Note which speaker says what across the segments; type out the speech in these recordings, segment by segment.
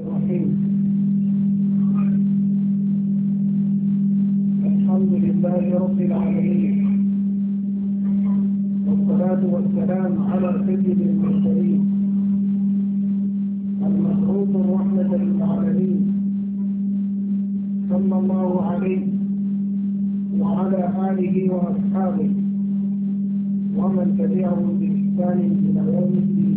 Speaker 1: الرحيم الحمد لله رب العالمين والصلاة والسلام على سيد المرسلين المبعوث رحمة للعالمين صلى الله عليه وعلى آله وأصحابه ومن تبعهم بإحسان إلى يوم الدين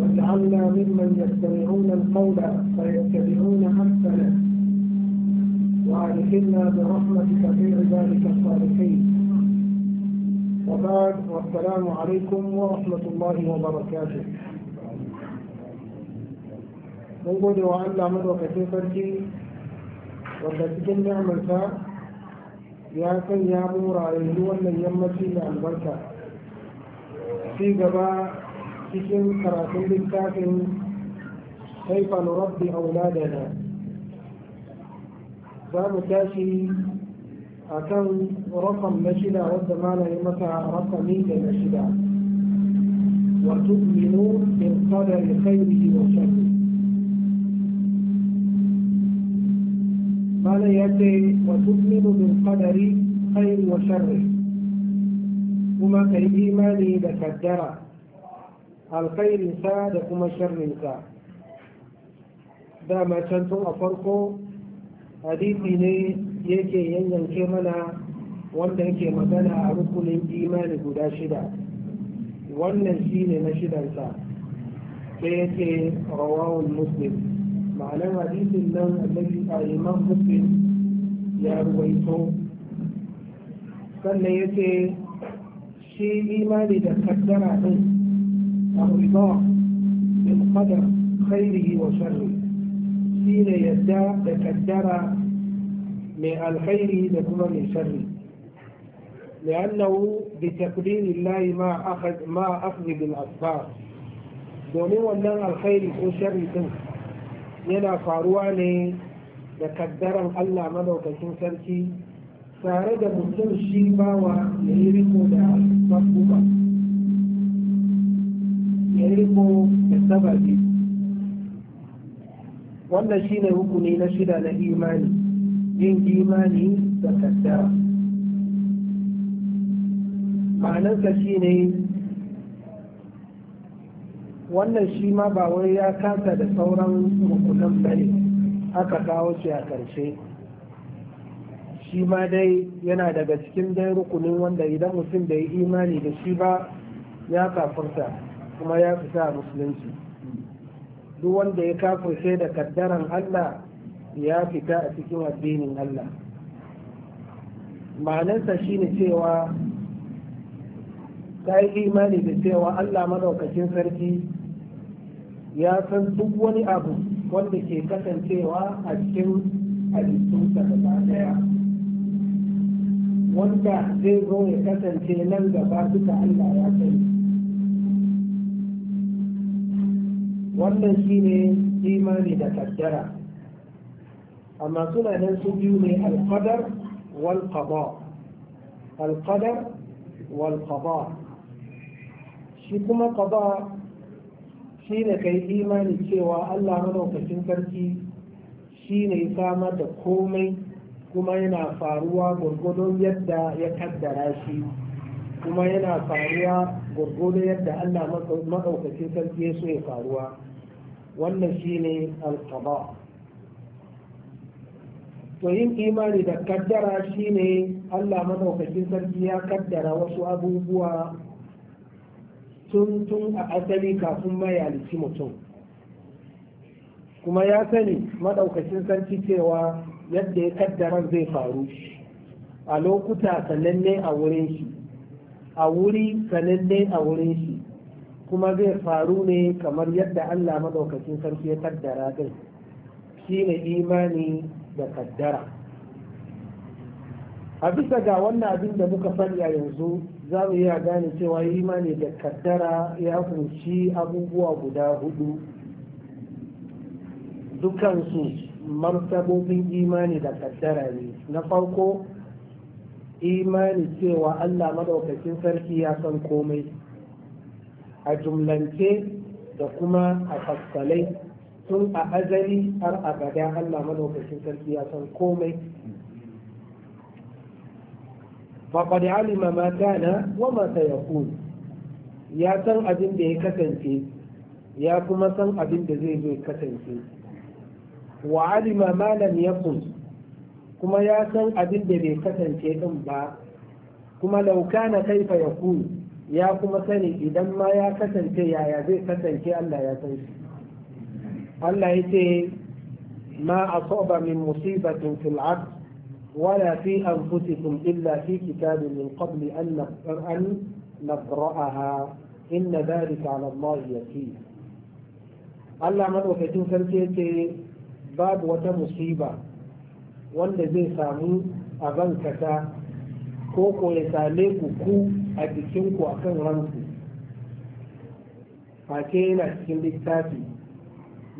Speaker 1: واجعلنا ممن يستمعون القول فيتبعون أحسنه وأدخلنا برحمتك في عبادك الصالحين وبعد والسلام عليكم ورحمة الله وبركاته من قد wa Allah madaukakin sarki wanda cikin يا ya يا mu rayuwar wannan yammaci da albarka في gaba مؤسس قراءه بالكاف كيف نربي اولادنا باب كاشي اكن رقم مشدا والزمان لمتى رقمي لمشدا وتؤمنوا بالقدر خيره وشره قال يأتي وتؤمن بالقدر خير وشره وما في إيماني بكدره alkhairinsa da kuma sharrinsa dama can tun a farko hadisi ne yake yanyanke mana wanda yake magana a rukunin imani guda shida wannan shi ne na shidansa sai yake rawawun muslim ma'anar hadisin nan annabi a imam muslim ya ruwaito sannan yake shi imani da kaddara din. الرضا بالقدر خيره وشره سين يدى تقدر من الخير لكما من شره لأنه بتقدير الله ما أخذ ما أخذ بالأسباب domin wannan alkhairi ko sharri din yana faruwa ne da kaddaran Allah madaukakin sarki tare da mutum shi bawa ya yi da sabbuba yi riko da wanda shi ne hukuni na shida na imani yin imani da kaddara ma'anarsa ne wannan shi ma ba wai ya kasa da sauran hukunan bane aka kawo shi a ƙarshe shi ma dai yana daga cikin dai rukunin wanda idan mutum da bai imani da shi ba ya kafurta kuma ya fita a musulunci duk wanda ya kafirce da kaddaran Allah ya fita a cikin addinin Allah ma'anarsa shine cewa ta yi imani da cewa Allah madaukakin sarki ya san duk wani abu wanda ke kasancewa a cikin halittunsa gaba daya wanda zai zo ya kasance nan gaba duka Allah ya sani wannan shi ne imani da kaddara amma suna nan su biyu ne alkadar wal alkadar shi kuma kaba shi ne kai imani cewa Allah maɗaukacin sarki shi ne samar da komai kuma yana faruwa gurgudun yadda ya kaddara shi kuma yana faruwa gurgudun yadda Allah maɗaukacin sarki ya so ya faruwa wannan ne alqada to yin imani da kaddara shi ne Allah maɗaukacin sarki ya kaddara wasu abubuwa tun tun a asali kafin mayalici mutum kuma ya sani maɗaukacin sarki cewa yadda ya kaddara zai faru a lokuta sananne a wurin shi a wuri sananne a wurin shi kuma zai faru ne kamar yadda Allah madaukakin sarki ya kaddara din shine imani da kaddara a bisa ga wannan abin da muka faɗi a yanzu za mu iya gane cewa imani da kaddara ya kunshi abubuwa guda hudu dukansu martabobin imani da kaddara ne na farko imani cewa Allah maɗaukacin sarki ya san komai a jumlance da kuma a fassalai tun a azali har a gada Allah madaukakin sarki ya san komai faqad alima ma kana wa ya sayakun ya san abin da ya kasance ya kuma san abin da zai zo kasance wa alima ma ya yakun kuma ya san abin da bai kasance din ba kuma laukana kaifa yakun يا kuma sani idan ma ya kasance يا zai kasance Allah ya san shi Allah ya ce ma asaba min musibatin fil ard ولا في أنفسكم إلا في كتاب من قبل أن أن نقرأها إن ذلك على الله يسير. الله من وكتم فرشيتي باب وتمصيبة ولا زي سامو أبن كتا كوكو يساليكو كو a jikinku a kan ranku face yana cikin littafi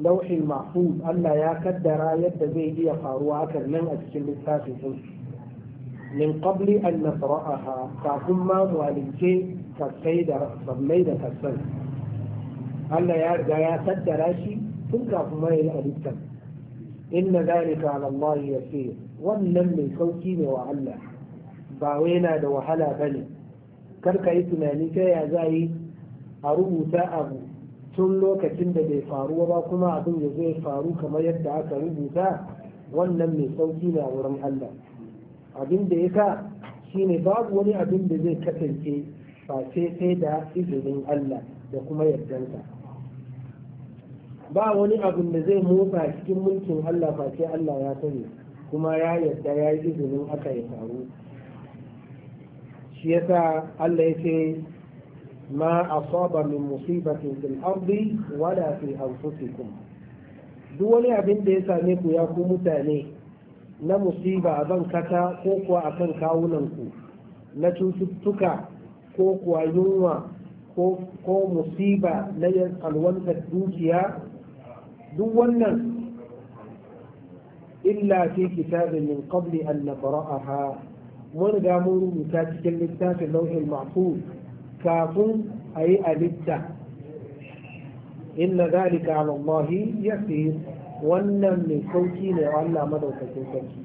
Speaker 1: lauhin mahfuz Allah ya kaddara yadda zai iya faruwa hakan nan a cikin littafin sun min qabli an nasra'aha kafin ma mu kasai da sammai da kasan Allah ya riga ya kaddara shi tun kafin ma yi halittar inna zalika ala Allah yasir wannan mai sauki ne wa Allah ba wai yana da wahala bane kar ka yi tunani ta ya za yi a rubuta abu tun lokacin da bai faru ba kuma abin ya zai faru kamar yadda aka rubuta wannan mai sauki na wurin Allah abin da ya sa ne babu wani abin da zai kasance face sai da izinin Allah da kuma yardansa ba wani abin da zai motsa cikin mulkin Allah face Allah ya sani kuma ya yarda ya yi izinin aka ya faru shi yasa Allah ya ce ma asaba min musibatin fil ardi wala fi anfusikum duk wani abin da ya same ku ya ku mutane na musiba a ban kasa ko kuwa a kan kawunanku na cututtuka ko kuwa yunwa ko musiba na yin alwantar dukiya duk wannan illa fi kitabin min qabli an nabra'aha mun riga mun rubuta cikin littafin lauhin mahfuz kafin a yi litta inna zalika ala Allah yasir wannan mai sauki ne wa Allah madaukakin sarki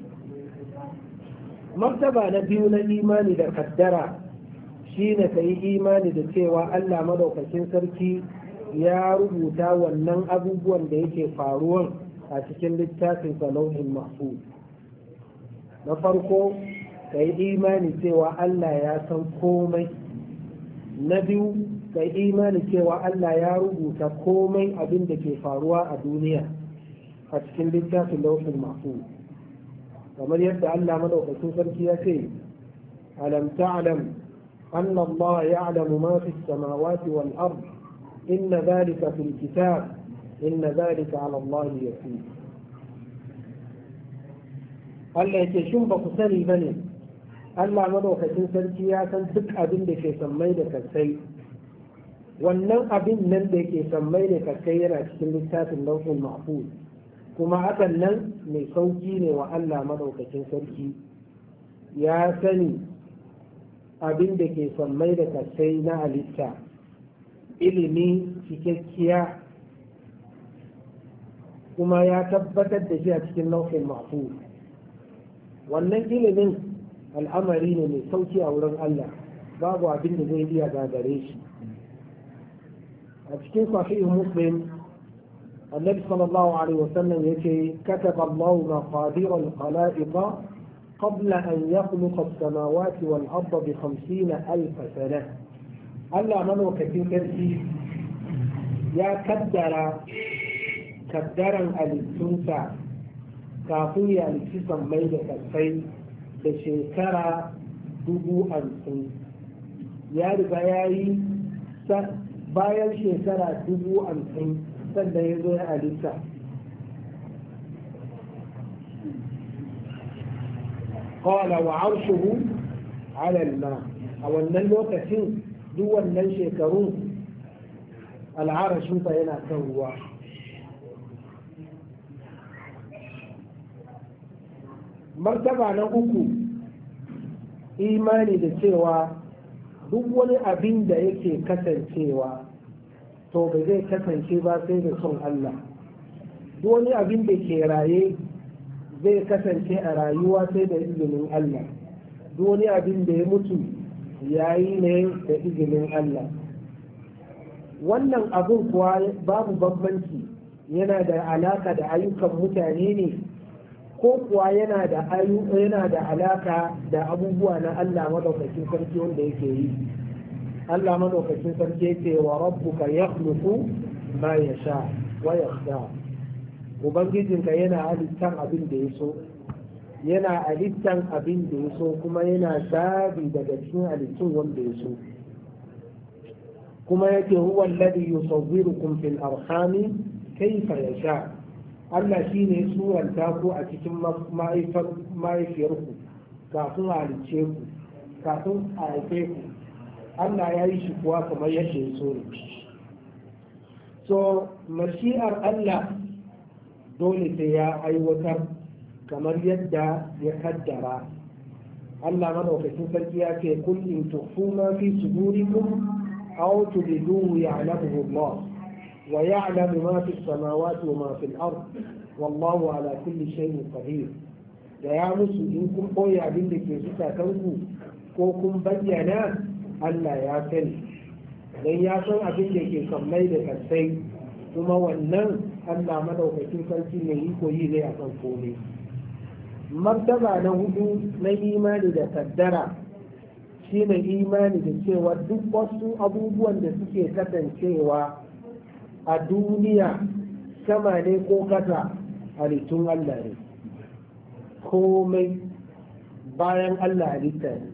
Speaker 1: martaba na biyu na imani da kaddara shine ka yi imani da cewa Allah madaukakin sarki ya rubuta wannan abubuwan da yake faruwan a cikin littafin lauhin mahfuz na farko ka yi imani cewa Allah ya san komai na biyu ka yi imani cewa Allah ya rubuta komai abin da ke faruwa a duniya a cikin littafin lauhin masu kamar yadda Allah madaukakin sarki ya ce alam ta'lam anna Allah ya'lamu ma fi samawati wal ard inna dhalika fil kitab inna dhalika 'ala Allah yasir Allah yake shin ba ku sani bane Allah madaukakin sarki ya san duk abin da ke sammai da kasai wannan abin nan da ke sammai da kasai yana cikin littafin lauhin mahfuz kuma hakan nan mai sauki ne wa Allah madaukakin sarki ya sani abin da ke sammai da kasai na halitta ilimi cikakkiya kuma ya tabbatar da shi a cikin lauhin mahfuz wannan ilimin al'amari ne mai sauki a wurin Allah babu abin da zai iya gagare shi a cikin sahihu muslim annabi sallallahu alaihi wasallam yace kataba Allahu maqadir al-khalaiq qabla an yakhluqa as-samawati wal arda bi 50000 sana Allah manaukakin sarki ya kaddara kaddaran halittunsa kafin ya halitti sammai da kasai da shekara dubu hamsin ya riga ya yi bayan shekara dubu hamsin sannan ya zo ya halitta قال وعرشه على الماء أو أن الوقت دول من شيكرون العرش فينا كان martaba na uku imani da cewa duk wani abin da yake kasancewa to ba zai kasance ba sai da son Allah duk wani abin da ke raye zai kasance a rayuwa sai da izinin Allah duk wani abin da ya mutu yayi ne da izinin Allah wannan abin kuwa babu bambanci yana da alaka da ayyukan mutane ne ko kuwa yana da yana da alaka da abubuwa na Allah madaukakin sarki wanda yake yi Allah madaukakin sarki yake wa rabbuka yakhluqu ma yasha wa yakhda ubangijinka yana halittan abin da ya so yana halittan abin da ya so kuma yana zabi daga cikin halittun wanda ya so kuma yake huwa alladhi yusawwirukum fil arhami kayfa yasha' Allah shi ne suranta ku a cikin ma'aikiyarku kafin halice ku kafin a haife ku Allah ya yi shi kuwa kamar yadda ya so ne so mashi'ar Allah dole sai ya aiwatar kamar yadda ya kaddara Allah madaukakin sarki ya ce kun in tukhuma fi sudurikum aw tubiduhu ya'lamuhu Allah ويعلم ما في السماوات وما في الأرض والله على كل شيء قدير da ya musu in kun ɓoye abin da ke zukatanku ko kun bayyana Allah ya sani don ya san abin da ke kammai da kansai kuma wannan Allah madaukakin sarki mai iko yi ne a kan komai martaba na hudu na imani da kaddara shine imani da cewa duk wasu abubuwan da suke kasancewa a duniya sama ne ko kasa halittun Allah ne komai bayan Allah halitta ne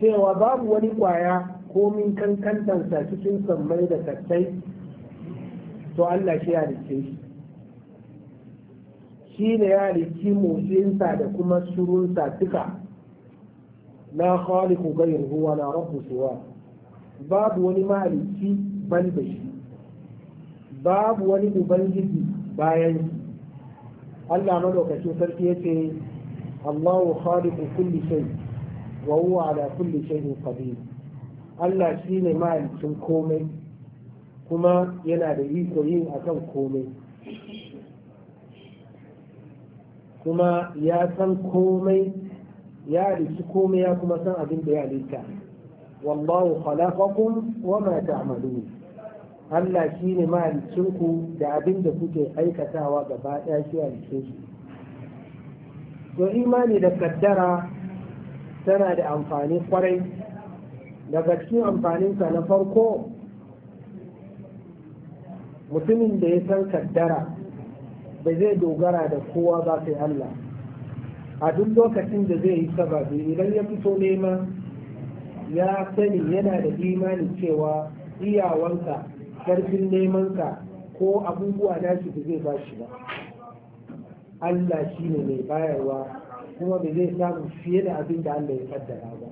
Speaker 1: cewa babu wani kwaya komin kankantansa cikin sammai da tattai to Allah shi halicce shi shi ne ya halicci motsinsa da kuma surunsa duka la khaliqu ghayruhu wa la rabbu siwa babu wani mahalicci ban da babu wani ubangiji bayan shi Allah madaukakin sarki yace Allahu khaliqu kulli shay wa huwa ala kulli shay'in qadir Allah shine mahalicin komai kuma yana da iko yin akan komai kuma ya san komai ya riki komai ya kuma san abin da ya halitta wallahu khalaqakum wa ma ta'malun Allah shine ne ku da abin da kuke aikatawa gaba ɗaya shi halicce shi to imani da kaddara tana da amfani kwarai daga cikin amfaninsa na farko mutumin da ya san kaddara ba zai dogara da kowa ba sai Allah a duk lokacin da zai yi sababi idan ya fito nema ya sani yana da imanin cewa iyawanka karfin nemanka ko abubuwa nashi da zai ba shi ba Allah shi ne mai bayarwa kuma ba zai samu fiye da abin da Allah ya kaddara ba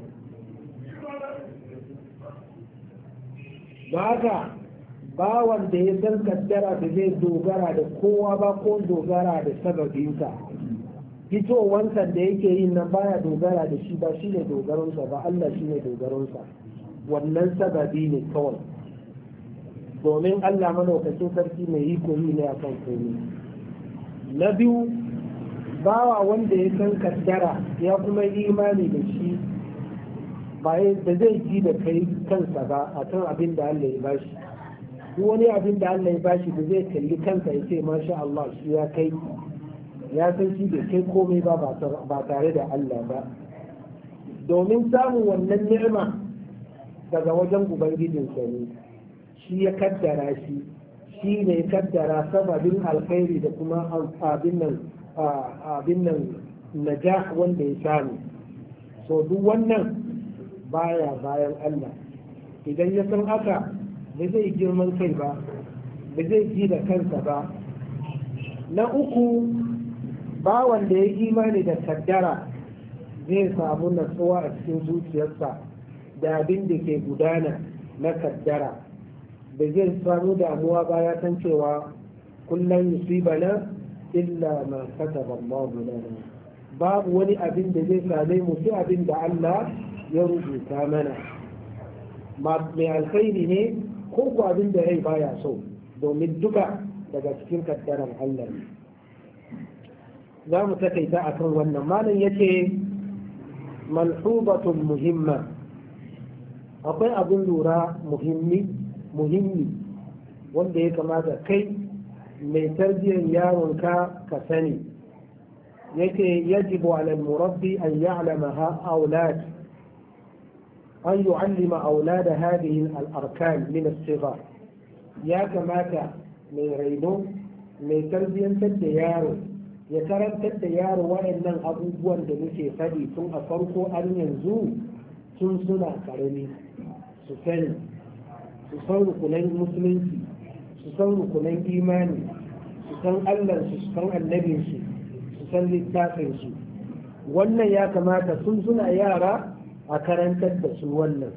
Speaker 1: ba haka bawan da ya san kaddara da zai dogara da kowa ba ko dogara da sababinsa fitowansa da yake yin nan baya dogara da shi ba shi ne dogaronsa ba Allah shi ne dogaronsa wannan sababi ne kawai domin Allah madaukacin sarki mai yi ne a kan komi na biyu bawa wanda ya san kaddara ya kuma imani da shi ba da zai ji da kai kansa ba a kan abin da Allah ya bashi duk wani abin da Allah ya bashi da zai kalli kansa ya ce masha Allah shi ya kai ya san shi bai kai komai ba ba tare da Allah ba domin samun wannan ni'ima daga wajen sa ne shi ya kaddara shi shi ne ya kaddara sababin alkhairi da kuma abin nan abin nan naja wanda ya samu so duk wannan baya bayan Allah idan ya san haka ba zai girman kai ba ba zai ji da kansa ba na uku ba wanda ya yi imani da kaddara zai samu natsuwa a cikin zuciyarsa da abin da ke gudana na kaddara da zai samu damuwa ba ya san cewa kullum bana illa ma kataba Allahu lana babu wani abin da zai same mu sai abin da Allah ya rubuta mana mai alkhairi ne ko ko abin da rai baya so domin duka daga cikin kaddaran Allah ne za mu takaita a kan wannan malam ya ce malhubatun muhimma akwai abin lura muhimmi muhimmi wanda ya kamata kai mai tarbiyyar yaronka ka sani yake yajibu ala murabbi an ya'lama ha aulad an yu'allima aulad hadhihi al-arkan min as ya kamata mai raino mai tarbiyyantar da yaro ya karantar da yaro wayannan abubuwan da muke faɗi tun a farko an yanzu tun suna karami su sani su san rukunan musulunci su san rukunan imani su san allansu su san annabinsu su san littafinsu wannan ya kamata sun suna yara a karantar da su wannan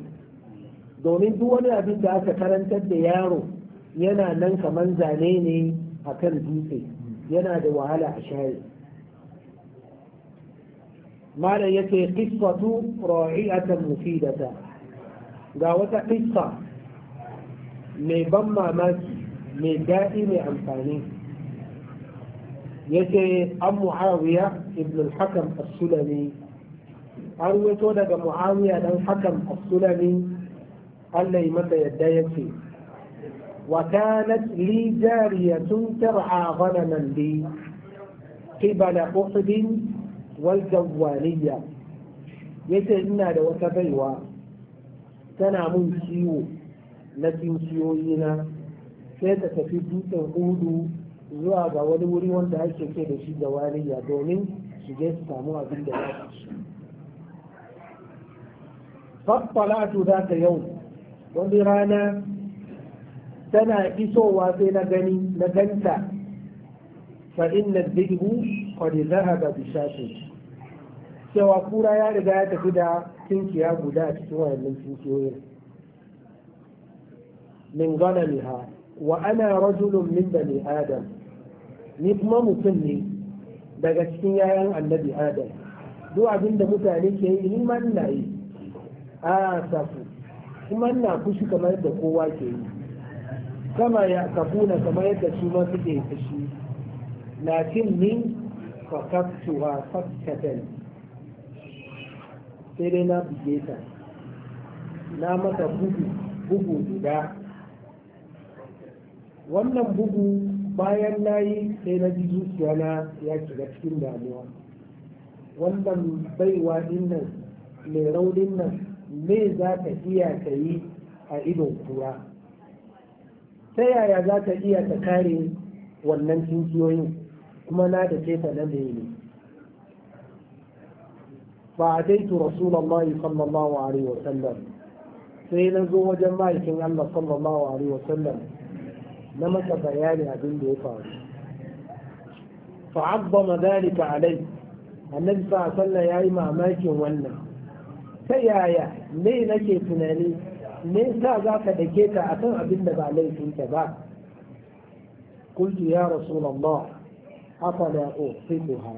Speaker 1: domin duk wani abin da aka karantar da yaro yana nan kamar zane ne a kan dutse yana da wahala a shayi. malam ya ce qissatu ra'iatan mufidata ga wata qissa mai ban mamaki mai daɗi mai amfani ya ce an mu'awiya ibn al-hakam as-sulami an wato daga mu'awiya dan hakam as-sulami Allah yi masa yadda ya ce وكانت لي جارية ترعى غنما لي قبل أحد والجوالية يتهنا لو تبيوا تنامون سيو لكن سيوينا sai ta tafi dutsen hudu zuwa ga wani wuri wanda ake ke da shi da wariya domin su je su samu abin da ya za ta yau, wani rana tana isowa sai na gani na ganta fa inna dhibu qad dhahaba bi shafi cewa kura ya riga ya tafi da tinkiya guda a cikin wayannan tinkiyoyin min ghanamiha wa ana rajulun min bani adam ni kuma mutum ne daga cikin yayan annabi adam duk abin da mutane ke yi ni ma ina yi a ah, safu kuma ina kushi kamar da kowa ke yi kama ya kafuna kamar yadda su ma suke fushi lakin ni fakaktuwa fakkatan sai dai na buge ta na mata bugu bugu guda wannan bugu bayan na yi sai na ji zuciya na ya shiga cikin damuwa wannan baiwa dinnan mai raunin nan me za ka iya ka yi a idon kura ta yaya za ta iya ta kare wannan tunkiyoyin kuma na da ce ta nan da yi ba a daitu rasulullahi sallallahu alaihi wasallam sai na zo wajen ma'aikin allah sallallahu alaihi wasallam na masa bayani abin da ya faru fa'abbama dalika alai annabi sa ya yi mamakin wannan ta yaya ne nake tunani me yasa za ka dake ta akan abin da ba laifinta ba ya sai قلت يا رسول الله أفلا أعصبها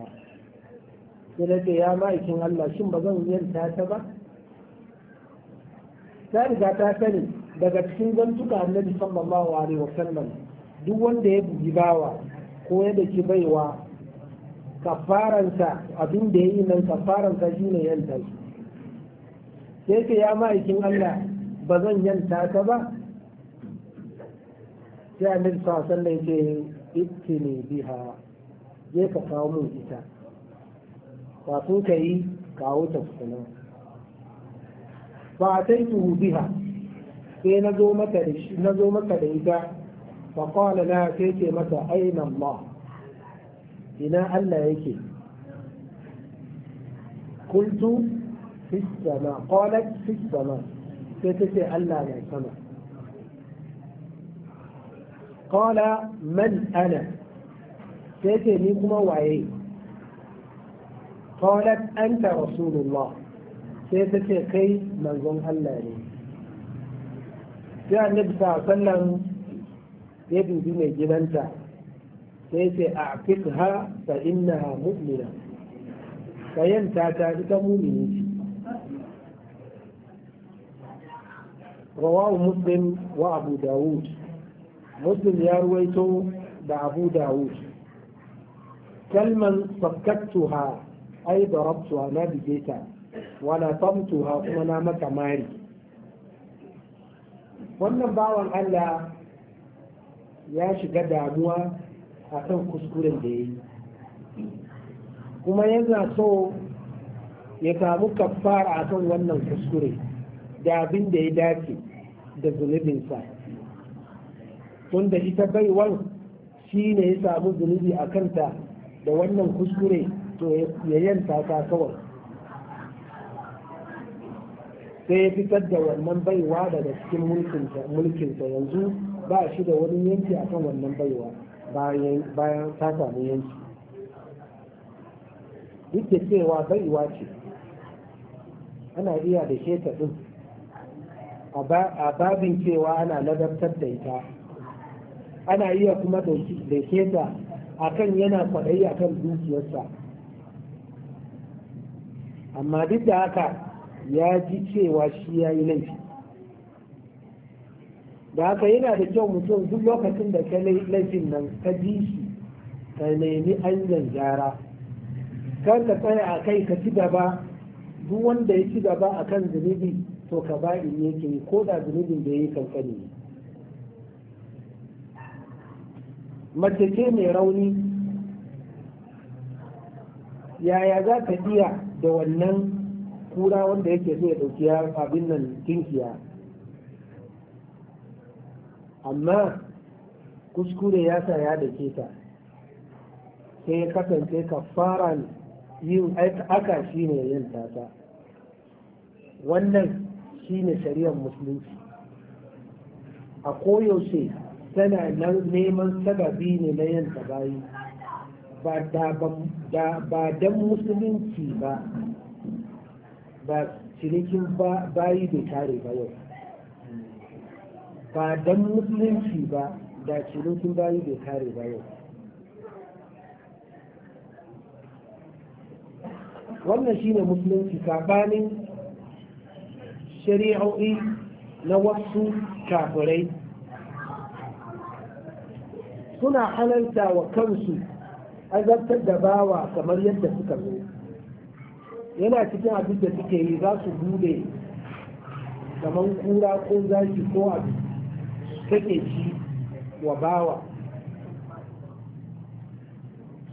Speaker 1: يلقي يا مايكين ta شن بزن ينتا تبا ta sani, daga cikin zantuka annabi sallallahu alaihi wasallam duk wanda ya bugi bawa ko ya daki baiwa kafaransa abin da ya yi nan kafaransa shine yanta shi sai ya ma'aikin Allah ba zan yanta ta ba sai annabi sallallahu alaihi wasallam ya ne biha je ka kawo mun ita kafin ka yi kawo ta kuma ba a taituhu biha sai na zo maka da ita ba qala la sai ce mata aina ma. ina Allah yake Kultu في السماء قالت في السماء sai ta ce Allah mai sama Kola man ana sai ce ni kuma waye qalat anta rasulullah sai ta ce kai manzon Allah ne sai annabi sa sallan ya dubi mai gidanta sai ce a fikha fa innaha mu'mina kayan ta ta ita mumini ce rawahu muslim wa abu dawud muslim ya ruwaito da abu dawud kalman sakkattuha ai darabtuha na bigeta wala tamtuha kuma na mata mari wannan bawan allah ya shiga damuwa a kan kuskuren da ya yi kuma yana so ya samu kafara a kan wannan kuskure da abin da ya dace da zunubinsa tunda ita baiwar shi ne ya samu zunubi a kanta da wannan kuskure to ya yanta ta kawai sai ya fitar da wannan baiwa daga cikin mulkinsa yanzu ba shi da wani yanki akan wannan baiwa bayan ta samu yanki duk da cewa baiwa ce ana iya da sheta ɗin a babin cewa ana ladabtar da ita ana iya kuma dauke ta akan yana kwaɗayi akan dukiyarsa amma duk da haka ya ji cewa shi ya yi laifi da haka yana da kyau mutum duk lokacin da ka laifin nan ka ji shi ka nemi hanyar gyara kar ka tsaya a kai ka ci gaba duk wanda ya ci gaba a kan zunubi to ka ba yake yi ko da zunubin da ya yi kankani ne mace ce mai rauni yaya za ka iya da wannan kura wanda yake so ya ɗauki abin nan kinkiya amma kuskure ya sa ya da ta sai ya kasance ka fara yin aka shi ne yin tata wannan shine shari'ar musulunci a koyaushe tana neman sababi ne na yin bayi ba dan musulunci ba ba cinikin bayi bai tare ba yau ba dan musulunci ba da cinikin bayi bai tare ba yau wannan shine musulunci sabanin shari'o'i na wasu kafirai suna halarta wa kansu azabtar da bawa kamar yadda suka zo yana cikin abin da suke yi za su bude kamar kura ko zaki ko abu take ci wa bawa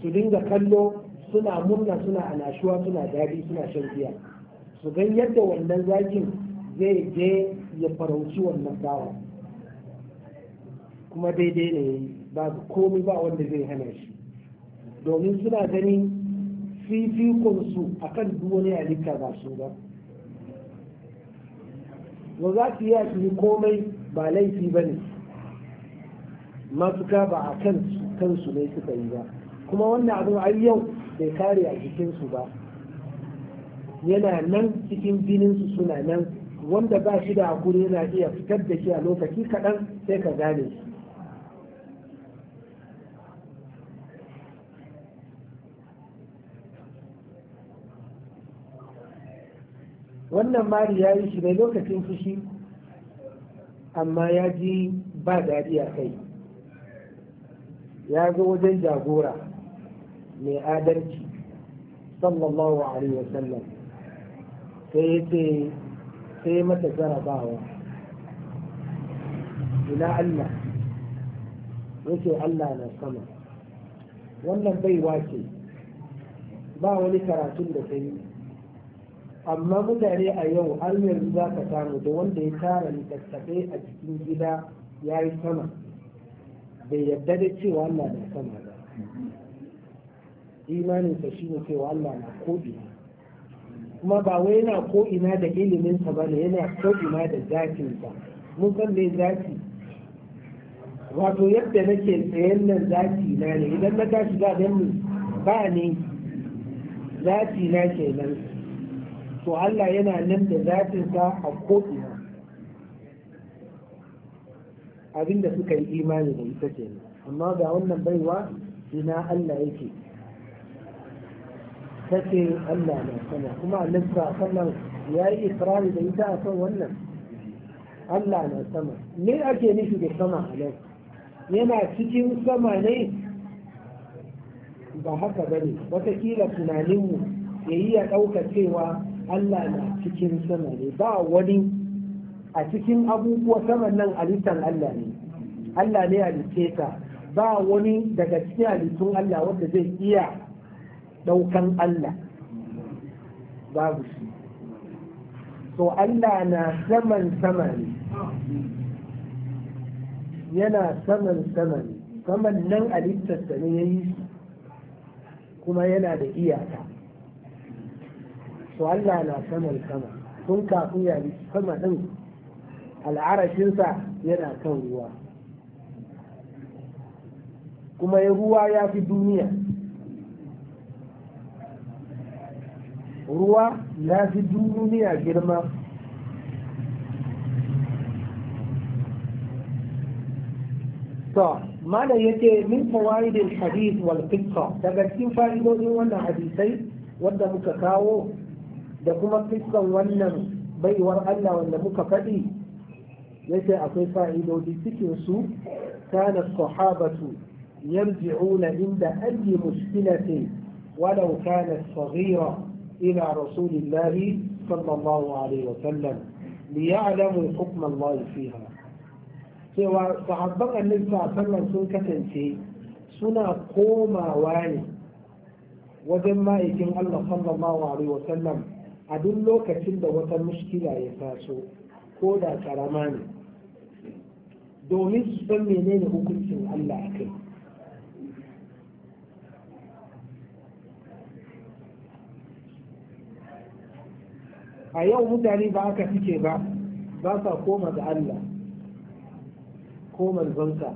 Speaker 1: su dinga kallo suna murna suna anashuwa suna daɗi suna shan su gan yadda wannan zakin zai je ya farauci wannan dawa kuma daidai ne ba komi ba wanda zai hana shi domin suna ganin fifikonsu a kan duwani halitta ba su ba ba za su yi komai ba laifi ba ne Masu ba a kansu ne suka yi ba kuma wannan abin ai yau bai kare a jikinsu ba yana nan cikin jininsu suna nan wanda ba shi da hakuri yana iya fitar da shi a lokaci kaɗan sai ka gane shi wannan mari ya yi shi ne lokacin fushi amma ya ji ba daɗi a kai ya zo wajen jagora mai adalci sallallahu alaihi wasallam sai ya ce sai mata jarabawa ina Allah yake Allah na sama wannan baiwa ce ba wani karatun da ta yi amma mutane a yau har yanzu za ka samu da wanda ya tara littattafai a cikin gida ya yi sama bai yarda da cewa Allah na sama ba imaninsa shi ne cewa Allah na ko'ina kuma ba wai yana ko ina da ilimin sa bane yana ko ina da zakin sa mun san me zaki wato yadda nake tsayen nan zaki na ne idan na tashi za dan mu ba ne zaki na kenan to Allah yana nan da zakin sa a ko ina abinda suka yi imani da ita kenan amma ga wannan baiwa ina Allah yake kace Allah na sama kuma ya yi ikrari da ita a kan wannan Allah na sama me ake nufi da sama a nan yana cikin sama ne ba haka bane watakila tunaninmu ya yi ya ɗauka cewa Allah na cikin sama ne ba wani a cikin abubuwa sama nan alitan Allah ne Allah ne halitte ba wani daga cikin alitun Allah wanda zai iya Daukan Allah babu shi to Allah na saman sama ne yana saman sama ne saman nan alittarsa ne ya yi kuma yana da iyaka to Allah na saman sama tun kafin ya bi sama ɗin al'arashinsa yana kan ruwa kuma ya ruwa ya fi duniya ruwa ya fi duniya girma to malam yake min fawaidil hadith wal fiqh daga cikin fa'idodin wannan hadisai wanda muka kawo da kuma fiskan wannan baiwar Allah wanda muka faɗi yace akwai fa'idodi cikin su kana sahabatu yarji'una inda ayi mushkilati walau kanat saghira إلى رسول الله صلى الله عليه وسلم ليعلموا حكم الله فيها cewa sahabban annabi sallallahu sun kasance suna komawa ne wajen ma'aikin Allah sallallahu alaihi wa sallam a duk lokacin da wata mushkila ya taso ko da karama ne domin su san menene hukuncin Allah akai a yau mutane ba haka suke ba ba sa koma ga Allah ko manzonsa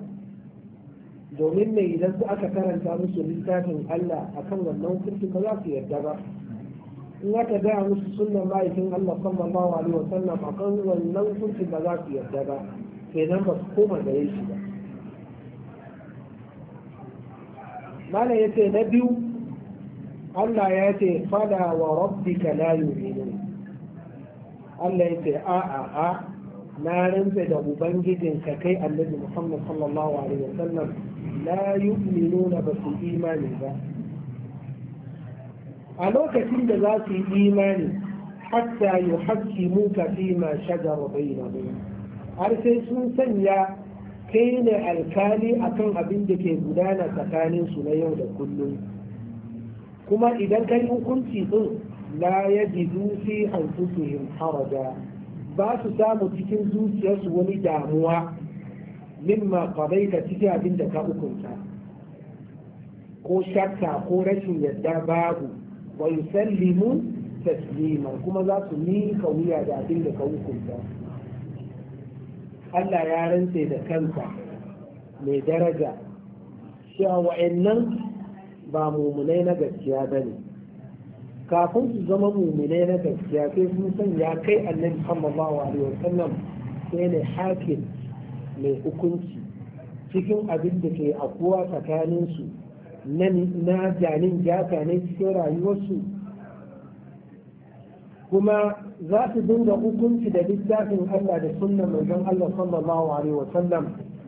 Speaker 1: domin mai idan su aka karanta musu littafin Allah akan wannan hukunci ba za su yarda ba in aka gaya musu sunan ma'aikin Allah sallallahu alaihi wa sallam akan wannan hukunci ba za su yarda ba kenan ba su koma gare shi ba mala ya ce na biyu Allah ya ce fada wa rabbika la yu'minun Allah ya ce a a a na rantsa da ubangijin ka kai annabi Muhammad sallallahu alaihi wasallam la yu'minuna ba su imani ba a lokacin da za su yi imani hatta ka fi ma bayyana bainahum har sai sun sanya kai ne alkali akan abin da ke gudana tsakanin su na yau da kullum kuma idan kai hukunci din la yajidu fi anfusihim haraja ba su samu cikin zuciyarsu wani damuwa mimma qadaita cikin abin da ka ukunta. ko shakka ko rashin yadda babu wa yusallimu taslima kuma za su mika wuya da abin da ka hukunta Allah ya rantse da kansa mai daraja cewa wa'annan ba mumunai na gaskiya bane kafin su zama muminai na gaskiya sai sun san ya kai annabi sallallahu alaihi sallam sai ne hakim mai hukunci cikin abin da ke akuwa tsakaninsu na janin jaka ne cikin rayuwarsu kuma za su dinga hukunci da littafin Allah da sunnan manzon Allah sallallahu alaihi sallam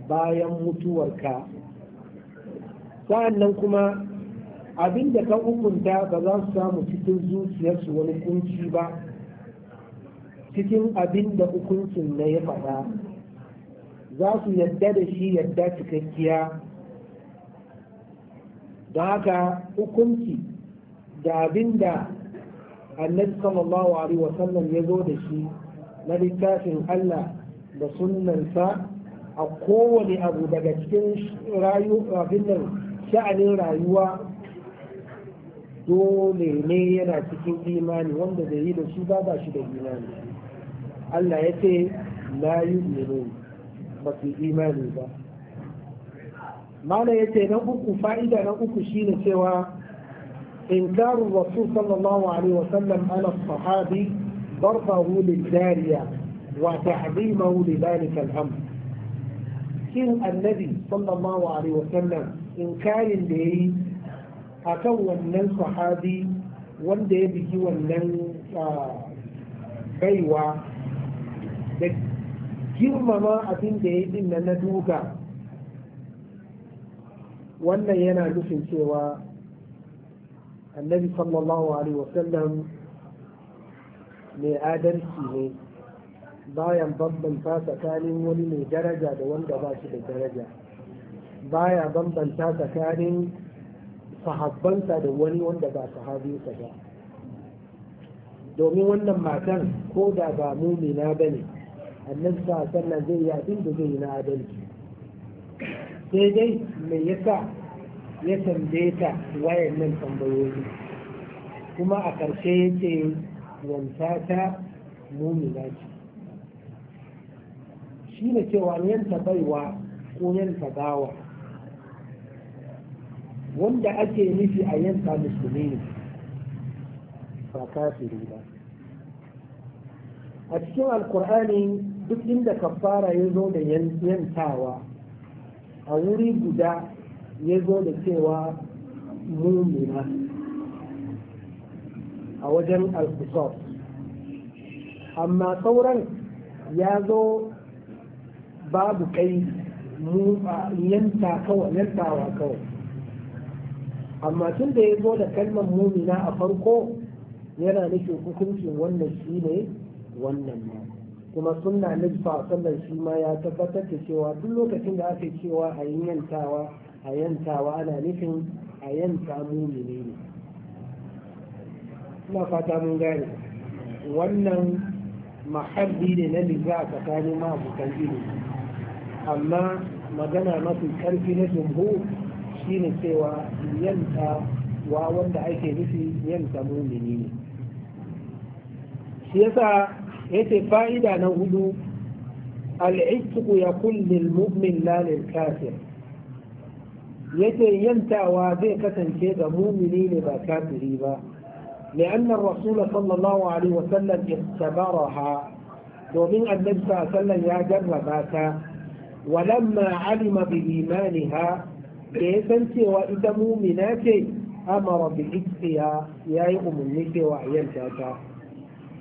Speaker 1: bayan mutuwarka sa'annan kuma abin da ka hukunta ba za su samu cikin zuciyarsu wani kunci ba cikin abin da hukuncin na ya faɗa za su yadda da shi yadda cikakkiya don haka hukunci da abin da annabi sallallahu alaihi wasallam ya zo da shi na littafin Allah da sunnansa a kowane abu daga cikin sha'anin rayuwa dole ne yana cikin imani wanda bai yi da shi ba ba shi da imani Allah ya ce la yu'minu ba su imani ba mana ya ce na uku fa'ida na uku shi ne cewa in inkaru rasul sallallahu alaihi wa sallam ala sahabi barfa dariya wa ta ضربه للجارية وتعظيمه لذلك الأمر كين النبي صلى in karin da ya yi akan wannan sahabi wanda ya biki wannan baiwa da girmama abin da ya yi na duka wannan yana nufin cewa annabi sallallahu alaihi wasallam mai adalci ne bayan bambanta tsakanin wani mai daraja da wanda ba shi da daraja baya bambanta tsakanin sahabbansa da wani wanda ba ka ba domin wannan matan ko da ba mumina ba ne annabi sa sannan zai yi abin da zai na adalci sai dai me yasa ya tambaye ta wayan nan tambayoyi kuma a ƙarshe ya ce wanta ta mumina ce shi ne cewa yanta baiwa ko yanta gawa wanda ake nufi a yanka musulmi ne ba kafiri ba a cikin alkur'ani duk inda kafara ya zo da yantawa a wuri guda ya zo da cewa mumina a wajen alkusot amma sauran ya zo babu kai mu yantawa kawai amma tun da ya zo da kalmar mumina a farko yana nufin hukuncin wannan shi ne wannan ma kuma suna nufa sallar shi ma ya tabbatar da cewa duk lokacin da aka cewa a yi yantawa a ana nufin a yanta mumine ne ina fata mun gane wannan mahabbi ne na liza a tsakanin ma ilimi amma magana mafi karfi na jumhur shine cewa yanta wa wanda ake nufi yanta mumini ne shi yasa yace fa'ida na hudu al'ittu yakun lil mu'min la lil kafir yace yantawa zai kasance ga mumini ne ba kafiri ba لأن الرسول صلى الله عليه وسلم اختبرها ومن النبي صلى الله عليه وسلم يا جرباتا ولما علم بإيمانها da ya san cewa ita mumina ce amara bi iksiya ya yi umarni cewa yanta ta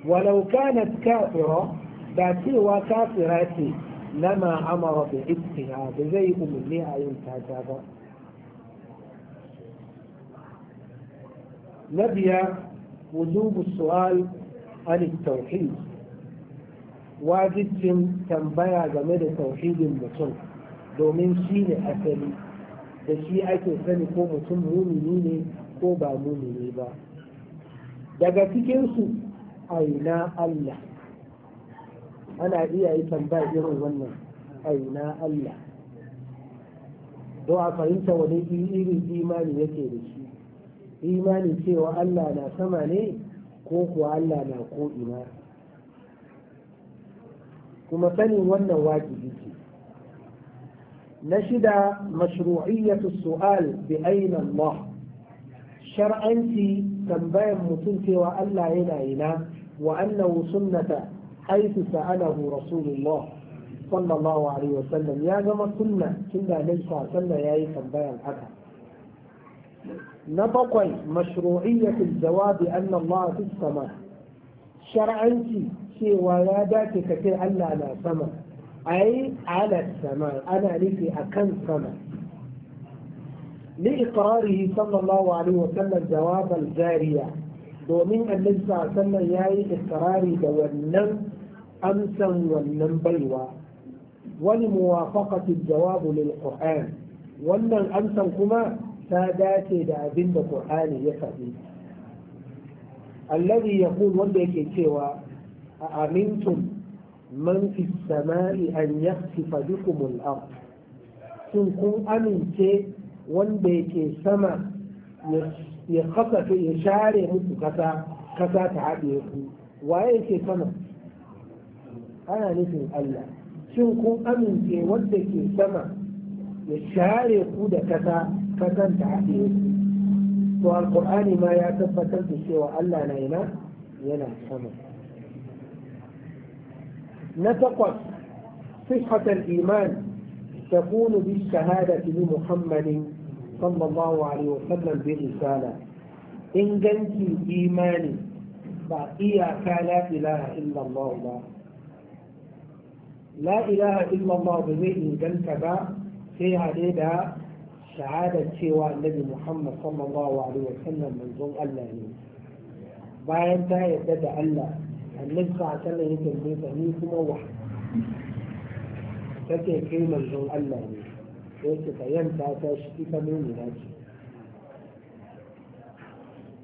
Speaker 1: walau kanat kafira da cewa kafira ce lama amara bi iksiya da zai yi umarni a yanta ta ba na biya wujubu su'al an tauhid wajibcin tambaya game da tauhidin mutum domin shi ne asali da shi ake sani ko mutum mumini ne ko ba mumini ba daga cikinsu aina Allah ana iya yi tambaya irin wannan aina Allah don a fahimta wani irin imani yake da shi imani cewa Allah na sama ne ko kuwa Allah na ko'ina kuma sanin wannan wajibi ce نشد مشروعية السؤال بأين الله في تنبين متنتي وألا هنا إله وأنه سنة حيث سأله رسول الله صلى الله عليه وسلم يا جماعة سنة سنة ليس سنة يا إيه تنبين حكا نبقي مشروعية الجواب أن الله في السماء شرعا في ولا ذاتك كي ألا أنا سماء ai ala sama ana nufi akan sama لإقراره صلى الله عليه وسلم جواب الجارية domin annabi sallallahu yayi ikrari da wannan amsan wannan baiwa wani muwafaqati jawab lil qur'an wannan amsan kuma ta dace da abinda ƙur'ani qur'ani ya faɗi alladhi yaqul wanda yake cewa a amintum man fi sama'i an yakhsifa bikum al shin kun amince wanda yake sama ya kasafe ya share muku kasa kasa ta haɗe ku waye yake sama ana nufin Allah shin kun amince wanda ke sama ya share ku da kasa kasan ta haɗe ma ya tabbatar da cewa Allah na yana sama نفقت صحة الإيمان تكون بالشهادة لمحمد صلى الله عليه وسلم بالرسالة إن جنت إيماني فإياك لا إله إلا الله لا لا إله إلا الله بزي إن جنت با فيها عديد شهادة سوى النبي محمد صلى الله عليه وسلم من ظل الله بعد تا يبدأ الله annabi sa akalla ya tambaye ta ni kuma wa take kai manzon Allah ne sai ce ka yanta ta shi ita ne ne dace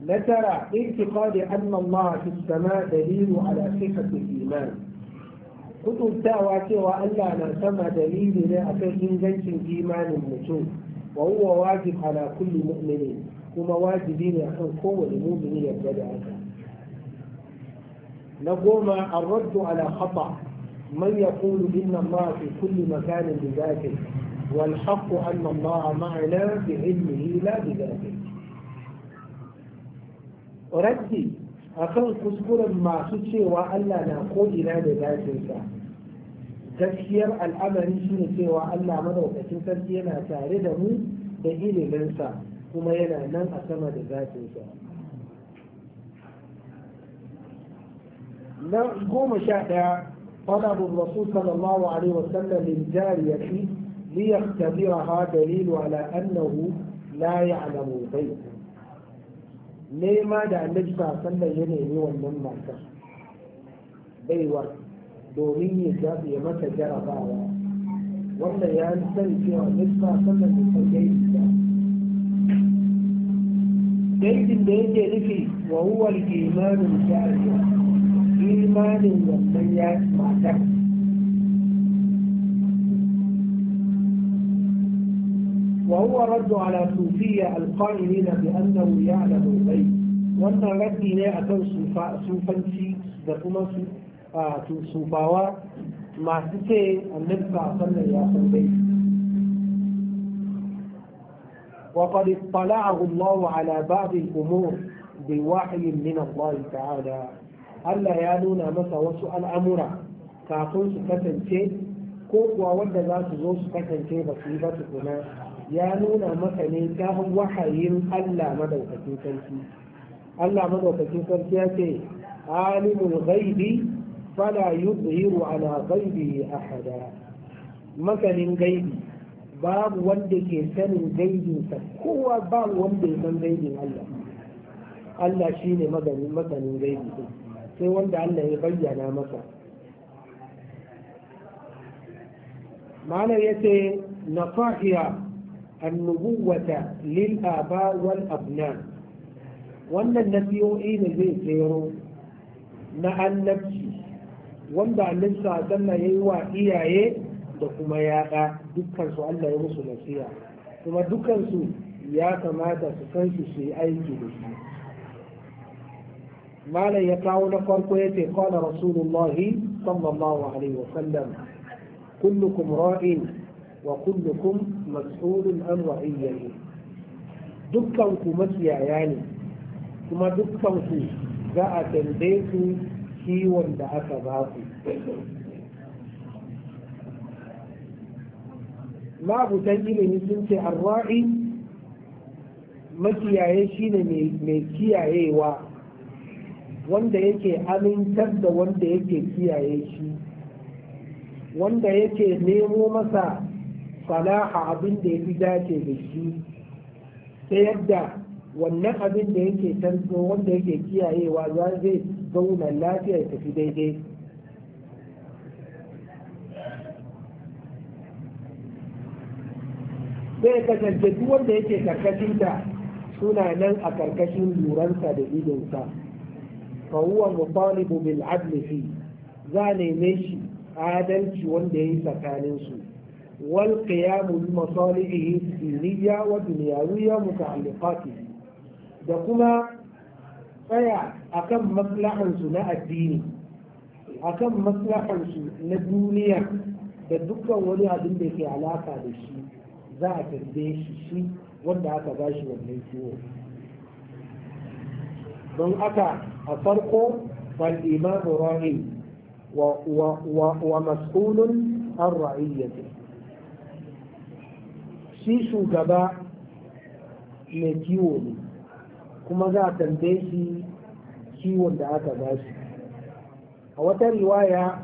Speaker 1: na tara intiqadi anna Allah fi sama dalilu ala sihhati iman kutuntawa cewa Allah na sama dalili ne akan ingancin imanin mutum wa huwa wajib ala kulli mu'minin kuma wajibi ne akan kowane mu'mini yadda da haka نقوم الرد على خطأ من يقول إن الله في كل مكان بذاته والحق أن الله معنا بعلمه لا بذاته ردي أكن كسكورا ما سوى ألا نقول إلى بذاته gaskiyar al'amari shine cewa Allah madaukakin sarki yana tare da mu da iliminsa kuma yana nan a sama da zatinsa. na goma sha ɗaya wani abu rasu sallallahu alaihi wasallam lil jariyati li ha dalilu ala annahu la ya'lamu bai nema da annabi sallallahu ya nemi wannan matar baiwar domin ya ya mata jarabawa Wannan ya san cewa annabi sallallahu alaihi wasallam بيت بيت يلفي وهو الإيمان الشعبي وهو رد على صوفية القائلين بأنه يعلم الغيب وأن ردي لا أتوا صوفانسي دكما صوفا آه، ما تتي النبي صلى الله عليه وسلم وقد اطلعه الله على بعض الأمور بوحي من الله تعالى Allah ya nuna masa wasu al'amura kafin su kasance ko kuwa wanda za su zo su kasance ba su yi ba tukuna ya nuna masa ne ta wahayin Allah madaukakin sarki Allah madaukakin sarki ya ce alimul ghaibi fala yuzhiru ala ghaibihi ahada masanin gaibi babu wanda ke sanin gaibinsa kowa babu wanda ya san gaibin Allah Allah shi ne masanin gaibi din sai wanda Allah ya bayyana masa ma'anar ya ce na fahiya annubuwata lil aba wal abna wannan nasiyoyi ne zai tsero na annabci wanda annabi sallallahu ya yi wa iyaye da kuma yaɗa dukkansu Allah ya musu nasiya kuma dukansu ya kamata su san su yi aiki da shi malam ya kawo na farko ya ce kwana rasulullahi sallallahu alaihi wasallam kullukum ra'in wa kullukum mas'ulun an yi. dukkan ku makiyaya ne kuma dukkan ku za a tambaye ku kiwon da aka ba ku mabutan ilimi sun ce arra'i makiyaye shine mai kiyayewa wanda yake amintar da wanda yake kiyaye shi wanda yake nemo masa salaha abin da ya fi dace da shi ta yadda wannan abin da yake tanto wanda yake kiyayewa za zai zauna lafiya ya tafi daidai zai kasance duk wanda yake karkashinta suna nan a karkashin lurarsa da idonsa. fa huwa mutalibu bil adli fi za neme shi adalci wanda yayi tsakanin su wal qiyamu bi masalihi diniya wa dunyawiyya muta'alliqatihi da kuma tsaya akan maslahansu na addini akan maslahansu na duniya da dukkan wani abin da ke alaƙa da shi za a tarbe shi shi wanda aka ba shi wannan ciwo don haka a farko fal imamu ra'i wa mas'ulun an ra'iyyati shi shugaba mai kiwo ne kuma za a tambaye shi kiwon da aka ba shi a wata riwaya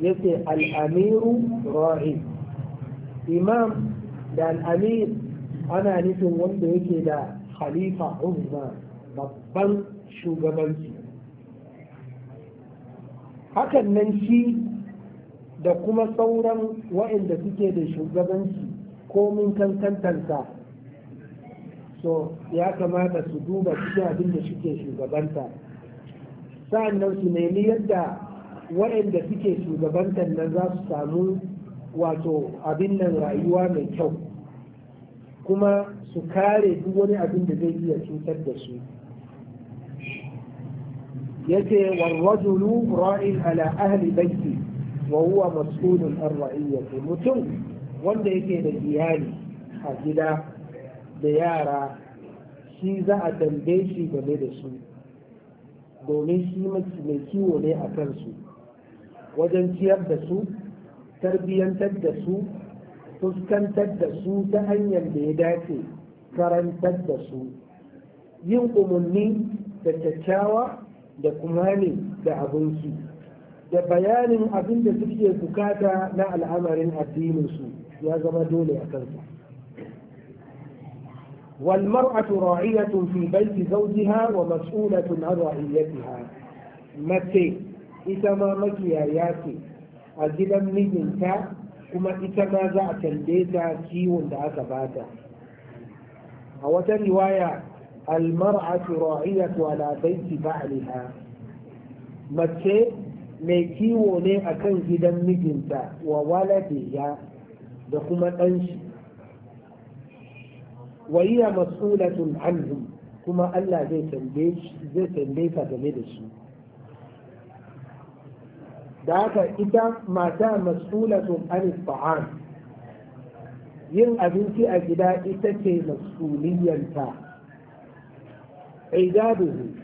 Speaker 1: ya ce al'amiru ra'i imam da al'amir ana nufin wanda yake da khalifa umma babban shugabanci hakan nan shi da kuma sauran waɗanda suke da shugabanci komin kankantansa so ya kamata su duba cikin abin da suke shugabanta sa'annan su nemi yadda waɗanda suke shugabantar nan za su samu wato abin nan rayuwa mai kyau kuma su kare duk wani abin da zai iya cutar da su. yace warrajulu ra'in ala ahli baiti wa huwa mas'ulun an ra'iyyati mutum wanda yake da iyali a gida da yara shi za a shi game da su domin shi mai kiwo ne a kansu wajen ciyar da su tarbiyyantar da su fuskantar da su ta hanyar da ya dace karantar da su yin umarni da kyakkyawa da kuma ne da abinci da bayanin abin da suke bukata na al'amarin addininsu ya zama dole a kansu walmar'atu ra'iyatun fi baiti zawjiha wa mas'ulatun an ra'iyatiha mace ita ma makiyaya ce a gidan mijinta kuma ita ma za a tambaye ta kiwon da aka bata a wata riwaya المرأة راعية على بيت بعلها mace mai kiwo ne akan gidan mijinta wa waladiya da kuma ɗanshi wa iya mas'ulatun anhum kuma Allah zai tambaye ka da shi da haka ita mata mas'ulatun anil yin abinci a gida ita ce mas'uliyanta idaduhu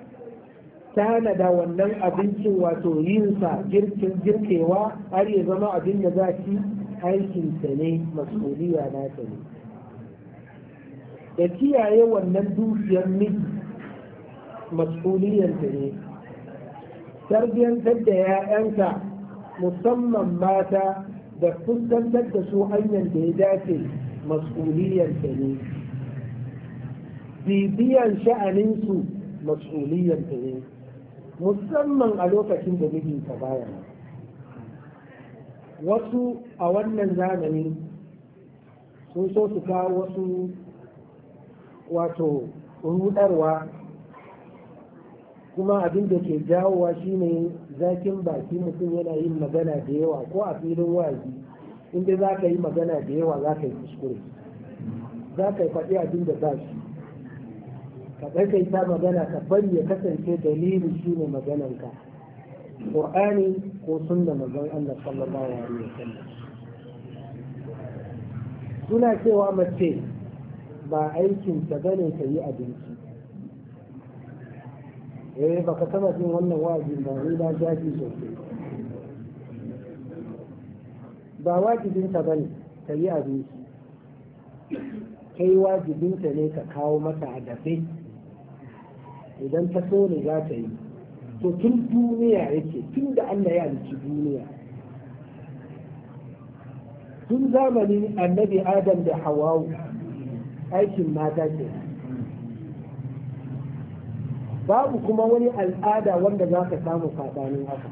Speaker 1: tana da wannan abincin wato yinsa girkin girkewa har ya zama abin da za aikin aikinsa ne masuliya na ta ne da kiyaye wannan dukiyar miji ta ne tarbiyyantar da 'ya'yanka musamman mata da fuskantar da su hanyar da ya dace ta ne bibiyan sha'aninsu mas'uliyar ta ne musamman a lokacin da mijinta baya wasu a wannan zamani sun so su kawo wasu wato rudarwa kuma abin da ke jawowa shine zakin baki mutum yana yin magana da yawa ko a filin wazi inda za ka yi magana da yawa za ka yi kuskure za ka yi faɗi abin da za shi ka ta magana ka bari ya kasance dalili shi ne maganarka ƙur'ani ko sun da manzon Allah sallallahu alaihi wasallam suna cewa mace ba aikin ta bane ta yi abinci eh ba ka taba jin wannan wajibi ba ni na jaji sosai ba wajibinta bane ta yi abinci kai wajibinta ne ka kawo mata adabai idan ta so ne za ta yi to tun duniya yake tun da Allah ya halicci duniya tun zamani annabi adam da hawawu aikin mata ke babu kuma wani al'ada wanda za ka samu saɓanin haka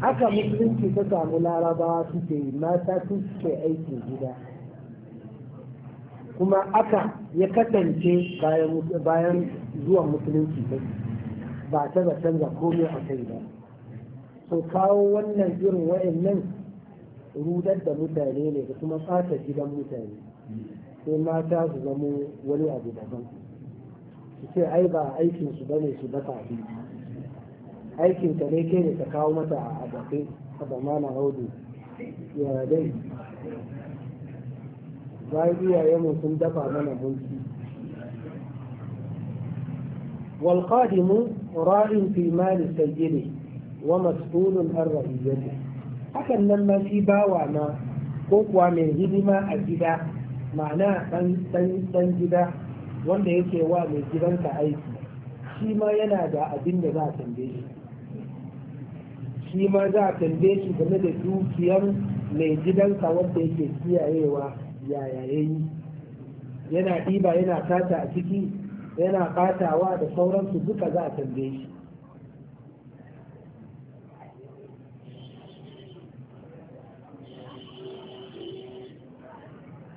Speaker 1: haka musulunci ta samu larabawa suke yi mata suke aikin gida kuma aka ya kasance bayan zuwan musulunci ba ba ta da canza komai a kai ba so kawo wannan irin wa'annan rudar da mutane ne da kuma fata gidan mutane sai mata su zamo wani abu daban su ce ai ba aikin su bane su dafa abinci aikin ka ne ke ne ta kawo mata a bakai a zamana haudu ya dai bayan iyayenmu sun dafa mana mulki والقادم راع في مال سيده ومسؤول عن رعيته hakan nan ma shi bawa ma ko kuwa mai hidima a gida ma'ana dan gida wanda yake wa mai gidanka aiki shi ma yana da abin da za a tambaye shi shi ma za a tambaye shi game da dukiyar mai gidanka wanda yake kiyayewa yaya yi yana ɗiba yana sata a ciki yana ɓatawa da sauransu duka za a tambaye shi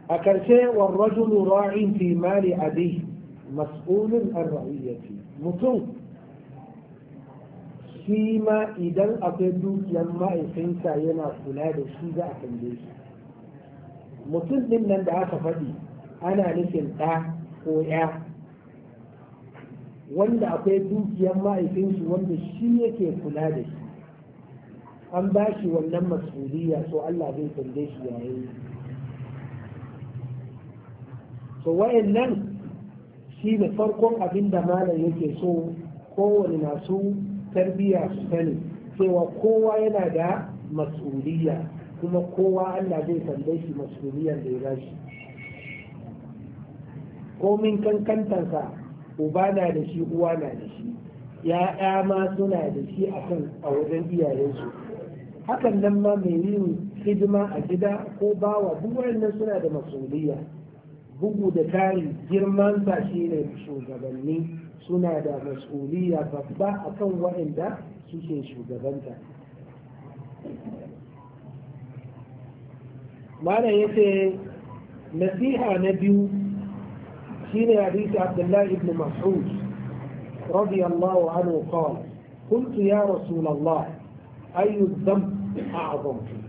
Speaker 1: a ƙarshe warrajulu ra'in fi mali abi mas'ulun an ra'iyyati mutum shi ma idan akwai dukiyar ma'aikinsa yana kula da shi za a tambaye shi mutum din nan da aka faɗi ana nufin ɗa ko ya wanda akwai dukiyar ma'aikinsu wanda shi yake kula da shi an ba shi wannan masuliya so Allah zai tambaye shi yayi so nan shi ne farkon abin da malam yake so kowane masu tarbiyya su sani cewa kowa yana da mas'uliyya. kuma kowa Allah zai tambaye shi masuliyar da ya bashi komin kankantarsa uba na da shi uwa na da shi ya'ya ma suna da shi akan a wajen iyayensu hakan nan ma mai yin hidima a gida ko bawa duk wayannan suna da masuliyya bugu da kari girman sa shi ne shugabanni suna da masuliyya babba akan waɗanda suke shugabanta معنى يتي نسيحة نبيو حين يعديث عبد الله بن مسعود رضي الله عنه قال قلت يا رسول الله أي الذنب أعظم فيه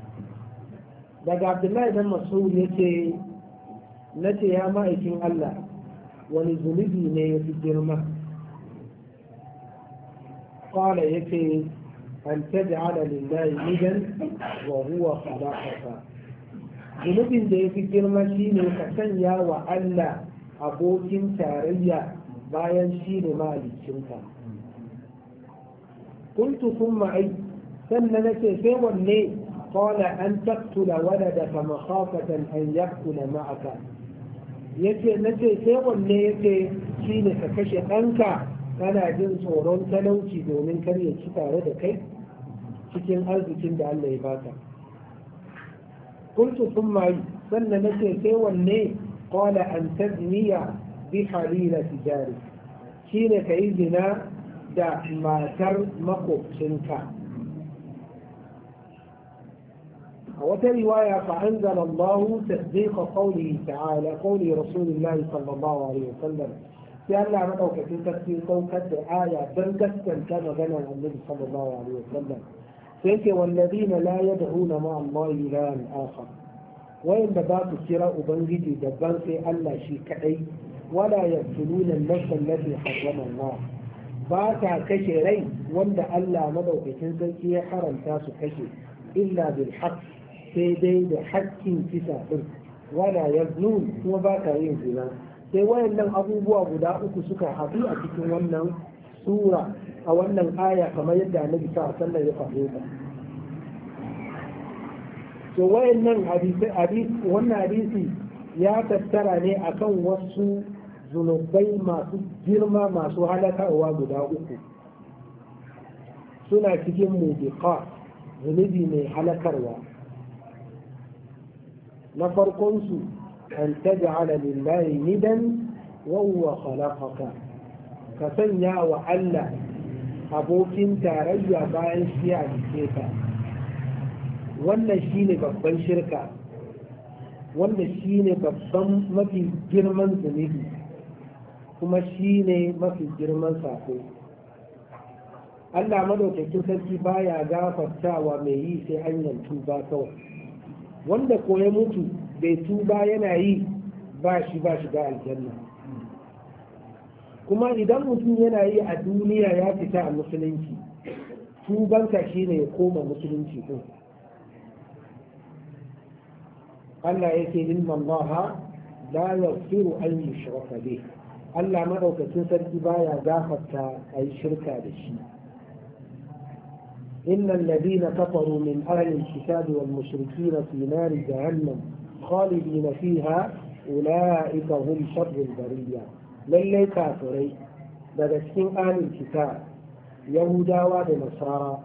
Speaker 1: لقى عبد الله بن مسعود يتي نتي يا ما ألا الله ولذنبي نيت الجرمة قال يتي أن تجعل لله إذن وهو خلاقك zunubin da ya fi girma shi ne ka sanya wa Allah abokin tarayya bayan shi ne mahalicinka kuntu sun ma'ai sannan ce sai wanne قال أن تقتل ولدك مخافة أن يقتل معك yace na ce sai wanne ya ce shi ne ka kashe ɗanka kana jin tsoron talauci domin kar ya tare da kai cikin arzikin da Allah ya baka قلت ثم سن سنة والني قال أن تبني بحليلة جارك شين كيزنا دا ما تر مقب شنكا وترواية فأنزل الله تصديق قوله تعالى قول رسول الله صلى الله عليه وسلم sai Allah madaukakin في saukar da aya كان gaskanta النبي صلى الله عليه وسلم sai ce wallazina la yad'una ma Allah ilahan akhar wayanda ba su kira ubangiji daban sai Allah shi kadai wala yaqtuluna an-nafs allati harrama Allah ba ta kashe rai wanda Allah madaukakin sarki ya karanta su kashe illa bil haqq sai dai da haƙƙin kisa din wala yaznun kuma ba ta yin zina sai wayannan abubuwa guda uku suka haɗu a cikin wannan sura a wannan aya kamar yadda annabi sa sallar ya faɗo ba. to wayannan hadisi hadisi wannan hadisi ya tattara ne akan wasu zunubai masu girma masu halakarwa guda uku suna cikin mubiqa zunubi mai halakarwa na farkonsu an taj'ala lillahi nidan wa huwa khalaqaka ka sanya wa Allah abokin tarayya bayan shi a halice ka wannan shi ne babban shirka wanda shi ne babban mafi girman zunubi kuma shi ne mafi girman sako Allah madaukakin sarki baya gafartawa mai yi sai hanyar tuba kawai wanda ko ya mutu bai tuba yana yi ba shi ba shiga aljanna kuma idan mutum yana yi a duniya ya fita a musulunci tubanka shi ne ya koma musulunci ɗin Allah ya yake inna Allah la yaghfiru an yushraka bih Allah madaukakin sarki baya gafarta ayi shirka da shi إن الذين كفروا من أهل الكتاب والمشركين في نار جهنم خالدين فيها أولئك هم شر البرية lallai kafirai daga cikin alin kita yahudawa da nasara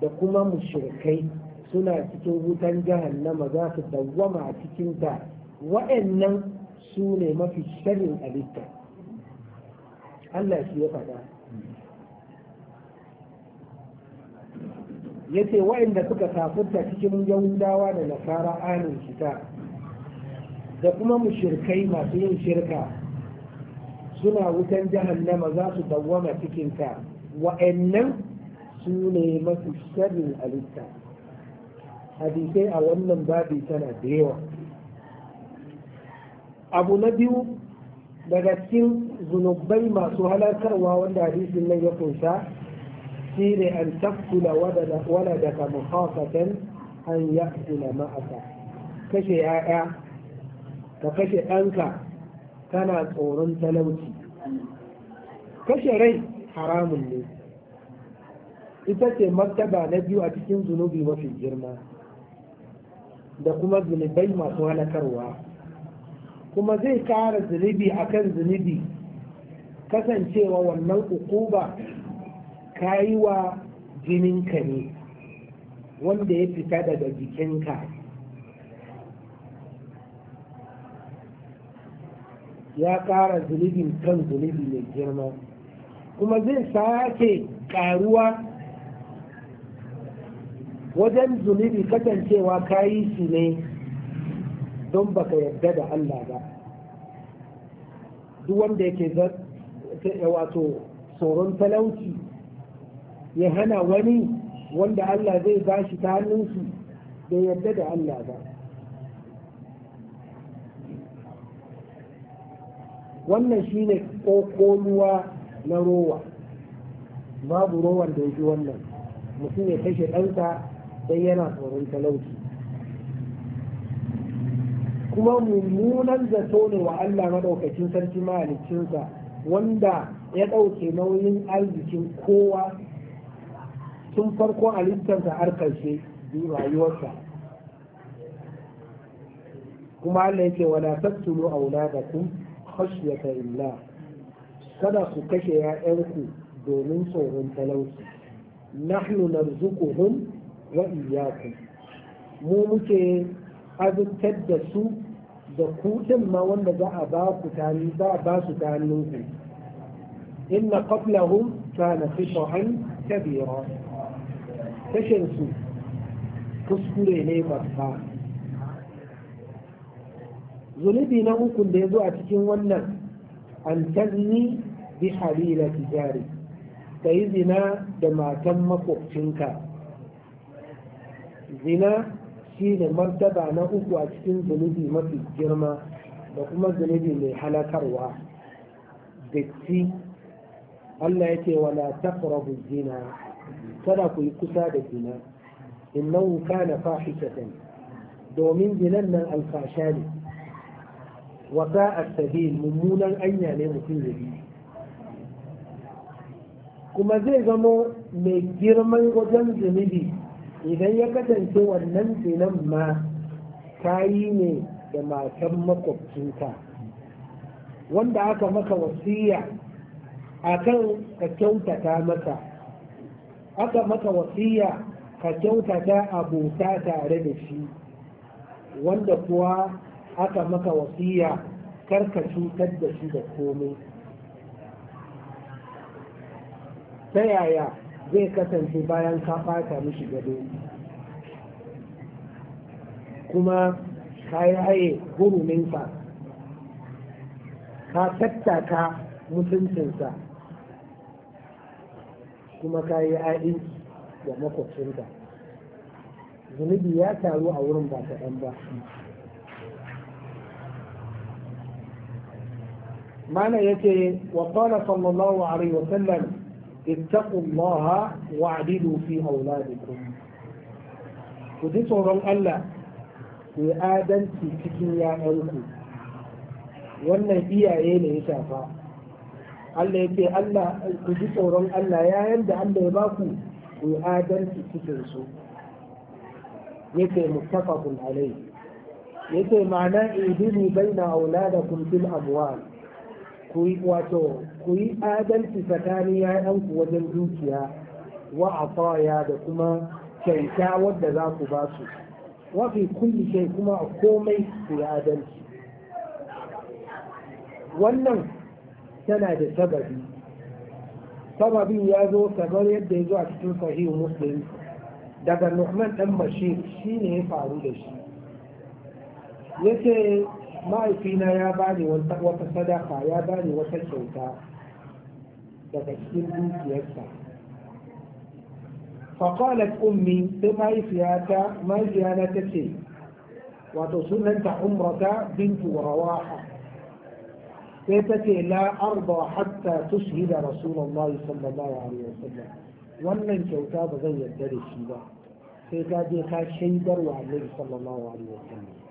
Speaker 1: da kuma mushrikai suna cikin wutan jahannama za su dawwama a cikinta waɗannan su ne mafi sharrin alitta Allah shi ya faɗa ya ce waɗanda suka kafurta cikin yahudawa da nasara alin kita da kuma mushrikai masu yin shirka suna wutan jahannama za su dawwama cikin ta wa'annan su ne mafi sharrin halitta hadisai a wannan babi tana da yawa abu na biyu daga cikin zunubai masu halartarwa wanda hadisin nan ya kunsa shi ne an tafkula daga mukhafatan an yakula ma'aka kashe ya'ya ka kashe ɗanka kana tsoron talauci kashe rai haramun ne ita ce martaba na biyu a cikin zunubi mafi girma da kuma zunubai masu halakarwa kuma zai kara zunubi a kan zunubi kasancewa wannan ukuba kayiwa jinin wa jininka ne wanda ya fita daga jikinka ya kara zunubin kan zunubi mai girma kuma zai sake karuwa wajen zunubi kasancewa kayi shi ne don baka yarda da Allah ba duk wanda yake wato tsoron talauci ya hana wani wanda Allah zai ba shi ta hannunsu da yarda da Allah ba wannan shine kokoluwa na rowa babu rowan da yake wannan mutum ya kashe ɗansa sai yana tsoron talauci kuma mummunan zato ne wa Allah maɗaukacin sarki mahaliccinsa wanda ya ɗauke nauyin arzikin kowa tun farkon halittarsa har ƙarshe rayuwarsa kuma Allah yake wala tattulu auladakum khashyata illah kada ku kashe ‘ya'yanku domin tsoron talauci nahnu narzuquhum wa iyyakum mu muke azuttar da su da kudin ma wanda za a ba ku tani za a ba su tani ku inna qablahum kana fishan kabira kashin su kuskure ne babba zunubi na hukun da ya zo a cikin wannan an tazni bi halila tijari ka yi zina da matan makwabcinka zina shi ne martaba na uku a cikin zunubi mafi girma da kuma zunubi mai halakarwa dikti Allah ya ce wala taqrabu zina kada ku yi kusa da zina innahu kana fahishatan domin zinan nan alfasha ne wa a sabil mummunan anya ne mutum da bi kuma zai zama mai girman wajen zunubi idan ya kasance wannan zinan ma ta yi ne da matan makwabcinka wanda aka maka wasiya a kan ka kyautata maka aka maka wasiya ka kyautata abota tare da shi wanda kuwa aka maka wasiya karka cutar da shi da komai ta yaya zai kasance bayan ka fata mishi gado kuma ka yi haye guruminsa ka tattaka mutuncinsa kuma ka yi haɗi da makwabcinka zunubi ya taru a wurin ba kaɗan ba mana yace wa qala sallallahu alaihi wa sallam ittaqullaha wa'dilu fi auladikum ku ji tsoron Allah ku yi cikin ya'yanku wannan iyaye ne ya shafa Allah ya ce ku ji tsoron Allah yayan da Allah ya baku ku yi adalci cikin su yake muttafaqun alai yake ma'ana idini baina auladakum ku yi wato ku adalci tsakanin ‘ya'yanku wajen dukiya wa afaya da kuma kyauta wadda za ku ba su wafi kulli shai kuma a komai ku yi adalci wannan tana da sababi sababin ya zo kamar yadda ya zo a cikin sahihu muslim daga nuhman dan bashir shi ne ya faru da shi yace mahaifina ya bani wata sadaka ya bani wata kyauta daga cikin dukiyarsa faƙalat ummi sai mahaifiyata mahaifiyana ta ce wato sunanta umrata bintu rawaha sai ta ce la arba hatta tushhida rasulullah sallallahu alaihi wasallam wannan kyauta ba zan yarda da shi ba sai ta je ka shaidar wa annabi sallallahu alaihi wasallam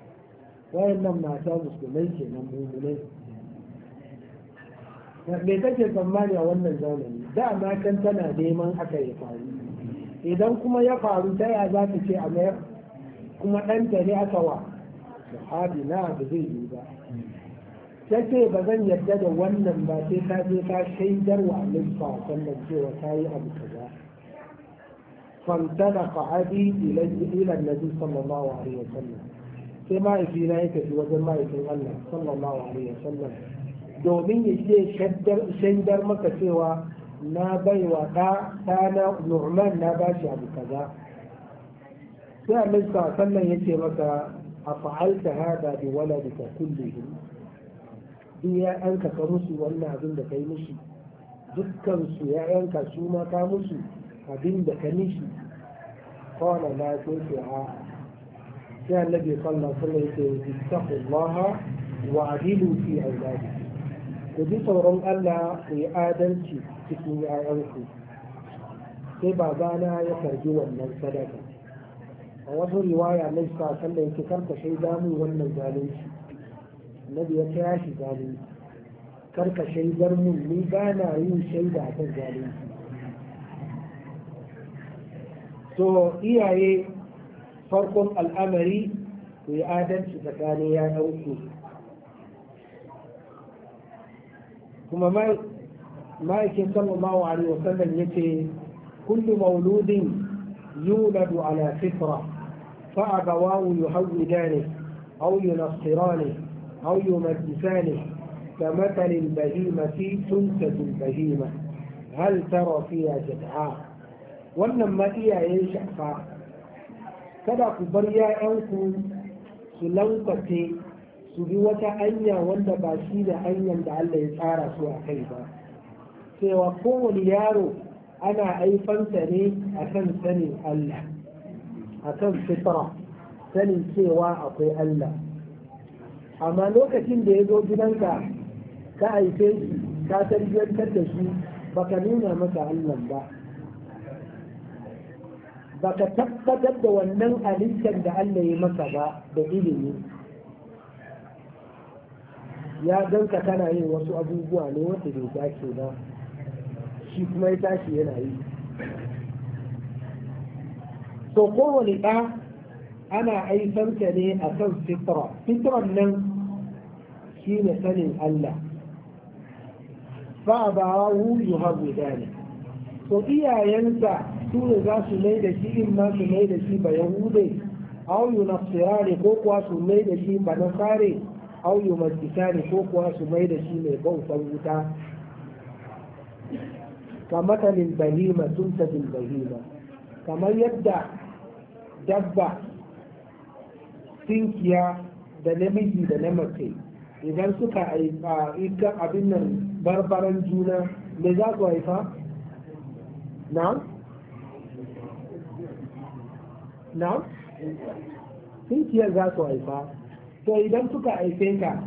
Speaker 1: wayannan mata musulmai kenan mummunai me take tsammani a wannan zamani da matan tana neman haka ya faru idan kuma ya faru ta ya za ta ce a mayar kuma ɗanta ne aka wa sahabi na ba zai yi ba ta ce ba zan yarda da wannan ba sai ka je ka shaidar wa annabi wannan cewa ta yi abu kaza fantana fa'adi ila annabi sallallahu alaihi wasallam sai mahaifina ya tafi wajen mahaifin Allah sallallahu alaihi wasallam domin ya ce shaidar maka cewa na baiwa ɗa Nu'man na ba shi abu kaza sai Annabi sallallahu sallan ya ce maka afa'alta hada bi waladika kulle. duk ya yanka ka musu wannan abin da kai musu dukkan ya yanka su ma ka musu abin da ka mishi qala la a'a. sai annabi sallallahu alaihi wasallam yake ittaqullaha wa adilu fi auladi ku ji tsoron Allah ku yi adalci cikin ƴaƴanku sai babana ya karbi wannan sadaka a wasu riwaya na sa sallan yake karka sai damu wannan zalunci annabi ya kira shi zalunci karka shaidar mun ni ba na yin shaida kan zalunci to iyaye فرق الامر في ادم ستكاني يا ثم ما ما يكن صلى الله عليه وسلم يتي كل مولود يولد على فطرة فأبواه يهودانه أو ينصرانه أو يمجسانه كمثل البهيمة تنتج البهيمة هل ترى فيها جدعاء ولما إياه ينشأ kada ku bar ‘ya'yanku su lankwace su bi wata hanya wanda ba shi da hanyar da Allah ya tsara su a kai ba cewa kowane yaro ana haifansa ne a kan sanin Allah a kan fitra sanin cewa akwai Allah amma lokacin da ya zo gidanka ka haife shi ka tarbiyyantar da shi baka nuna masa Allah ba baka tabbatar da wannan halittar da Allah ya masa ba da ilimi ya ganka kana yin wasu abubuwa ne wanda bai dace ba shi kuma ya tashi yana yi to kowane ɗa ana ta ne a kan fitra fitran nan shi ne sanin Allah fa ba wu yuhabbu dani to iyayensa su ne za su mai da shi in ma su mai da shi ba yahude au yu nasirani ko kuwa su mai da shi ba nasare au yu majisani ko kuwa su mai da shi mai bautan wuta ka matalin bahima tun ta bahima kamar yadda dabba tinkiya da namiji da na idan suka haifa abin nan barbaran juna me za su haifa na Sinkiyar tunkiyar za su haifa to idan suka aike ka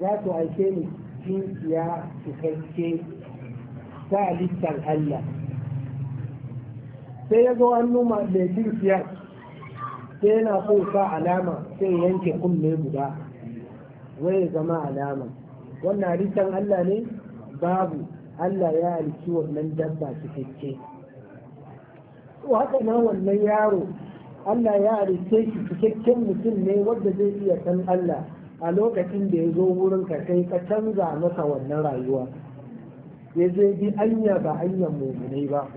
Speaker 1: za su haife ni tunkiya cikakke ta halittar Allah sai ya zo hannu mai tunkiyar sai yana so sa alama sai yanke kunne guda wai zama alama wannan halittar Allah ne babu Allah ya halici wannan dabba su to haka na wannan yaro Allah ya rike shi cikakken mutum ne wanda zai iya san Allah a lokacin da ya zo wurin ka kai ka canza masa wannan rayuwa ya zai bi anya ba anyan mummunai ba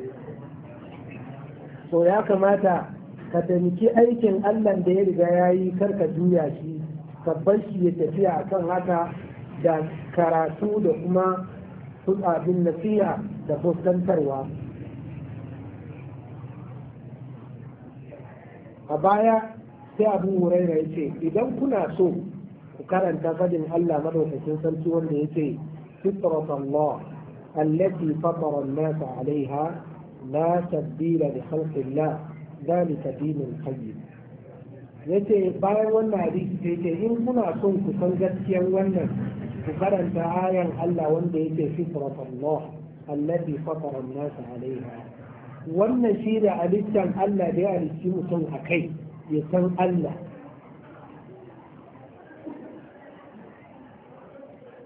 Speaker 1: so ya kamata ka taimaki aikin Allah da ya riga ya yi ka juya shi ka bar shi ya tafiya kan haka da karatu da kuma abin nasiha da fuskantarwa a baya sai abu huraira ya ce idan kuna so ku karanta fadin Allah madaukakin sarki wanda ya ce fitrat Allah allati fatara an-nas 'alayha la tabdila li khalqillah dhalika dinul qayyim yace bayan wannan hadisi sai ce in kuna son ku san gaskiyar wannan ku karanta ayan Allah wanda yake fitrat Allah allati fatara an-nas 'alayha wannan shi da halittar Allah da ya halitti mutum a kai ya san Allah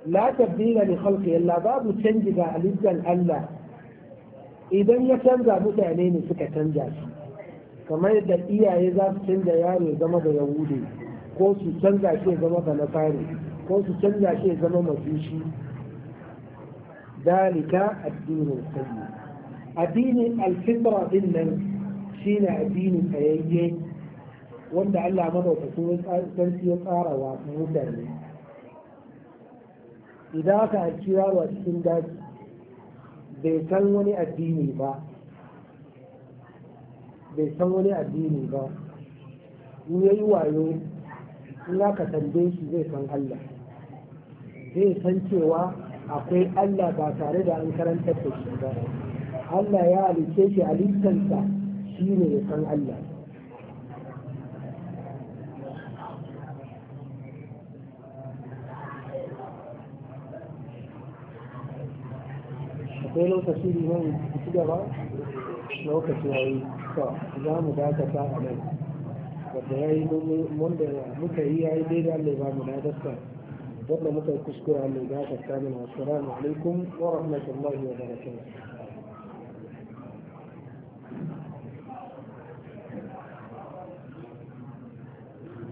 Speaker 1: la tabdila li khalqi Yalla babu canji ga halittar Allah idan ya canza mutane ne suka canza shi kamar yadda iyaye za su canza yaro ya zama da yahudi ko su canza shi zama da nasari ko su canza shi ya zama mafishi dalika addinin sayyid addinin alfitra din nan shi ne addini tsayayye wanda Allah madaukakin sarki ya tsara wa mutane idan aka haifi yaro a cikin daji bai san wani addini ba bai san wani addini ba in yayi wayo in aka tambaye shi zai san Allah zai san cewa akwai Allah ba tare da an karanta da shi ba Allah ya halice shi halittarsa shi ne ya san Allah akwai lokaci mai ci gaba lokaci ya yi za mu dakata a nan wadda ya yi wanda muka yi ya yi daidai allai ba mu na dasta wadda muka yi kuskure allai dakata mana assalamu alaikum wa rahmatullahi wa barakatuh